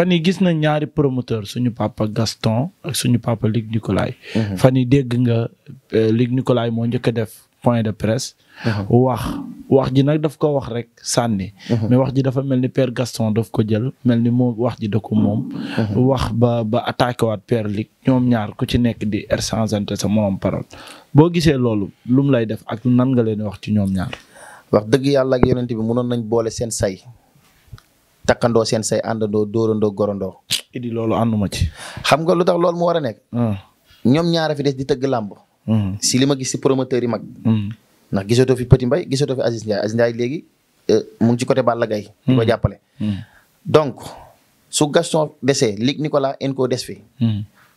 fan yi gis na ñaari promoteur suñu papa Gaston ak suñu papa Luc Nicolaï mhm. fan yi dégg nga euh, Luc Nicolaï moo njëkk a def point de presse mhm. wax wax ji nag daf ko wax rek sànni mhm. mais wax ji dafa mel ni per Gaston daf ko jël mel ni moo wax ji da ko moom wax ba ba attaqué waat père Luc ñoom ñaar ku ci nekk di échanger sa morom parole boo gisee loolu lu lay def ak nan nga leen wax ci ñoom ñaar wax dëgg yàlla ak yonent bi mënoon nañ boole seen say takkandoo seen say àndandoo dóorandoo gorandoo. idi loolu ànduma ci. xam nga lu tax loolu mu war a nekk. Hmm. ñoom ñaara fi des di tëgg làmb. Hmm. si li ma gis si promoteur yi mag. Hmm. ndax gisatoo fi Petit Mbaye gisatoo fi Aziz Ndiaye Aziz Ndiaye léegi euh, mu ngi ci côté Balla Gaye di ko jàppale. donc su Gaston desee Luc Nicolas en ko des fi.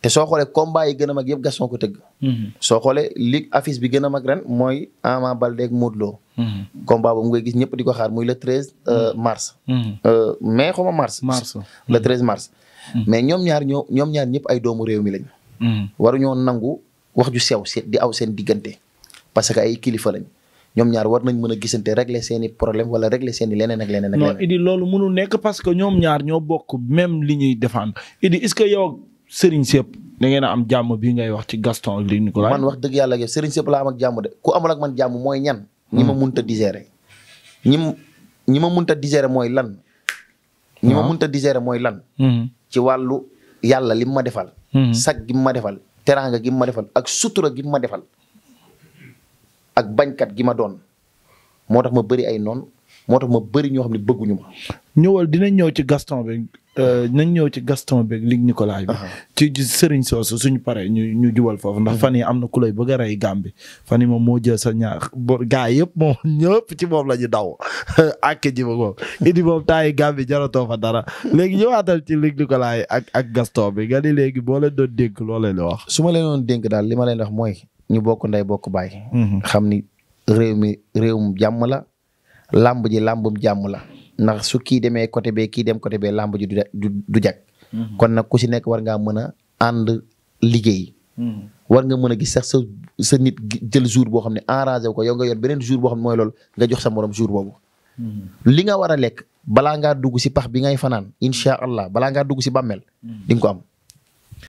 te soo xoolee combat yi gën a mag yëpp Gaston ko tëgg. Mhm. soo xoolee ligue affiche bi gën a mag ren mooy Ama Baldé ak Modou Lo. Mhm. combat boobu ngay gis ñëpp di ko xaar muy le treize euh, mhm. mars. Euh, mais xaw ma mars. mars le treize mars. mais ñoom ñaar ñoo ñoom ñaar ñëpp ay doomu réew mi lañ. waruñoo nangu wax ju sew seet di aw seen diggante parce que ay kilifa lañ. ñoom ñaar war nañ mën a gisante régler seeni problème wala régler seeni leneen ak leneen ak leneen. non Idi loolu mënul nekk parce que ñoom ñaar ñoo bokk même li ñuy défendre Idi est-ce que sëriñ sëpp da ngeen am jàmm bi ngay wax ci Gaston ak Luc Nicolaï man wax dëgg yàlla ak sëriñ sëpp laa am ak jàmm de ku amul ak man jàmm mooy ñan. ñi hmm. mun mënut a digérer. ñi ñi ma mënut a digérer mooy lan. ñi ma mënut hmm. mooy lan. Hmm. ci wàllu yàlla li ma defal. sag gi ma defal teraanga gi ma defal ak sutura gi ma defal. ak bañkat gi ma doon moo tax ma bëri ay noon moo tax ma bëri ñoo xam ne bëgguñu ma. ñëwal dinañ ñëw ci Gaston bi euh, nañ ñëw ci Gaston bi Luc Nicolaï bi. ci sëriñ soosu suñu paree ñu ñu jubal foofu ndax mhm. fan yi am na ku lay bëgg a rey fan yi moom moo jël sa ñaar bo gaa yëpp moom ñëpp ci moom la ñu daw ak ji ba moom. indi moom temps yi Gàmbi jaratoo fa dara léegi ñëwaatal ci Luc Nicolaï ak ak Gaston bi nga léegi boo leen doon loo leen wax. su ma leen doon dénk daal li ma leen wax mooy ñu bokk ndey bokk baay. Mhm. xam làmb ji làmbum jàmm la ndax su kii demee côté be kii dem côté bee ji du du du jag. Mhm. kon nag ku si nekk war ngaa mën a ànd liggéey. Mhm. war nga mën a gis sax sa sa nit jël jour boo xam ne enragé ko yow nga yor beneen jour boo xam ne mooy lool nga jox sa morom jour boobu. Mhm. li nga war a lekk balaa ngaa dugg si pax bi ngay fanaan incha allah balaa ngaa dugg si bàmmeel di ko am.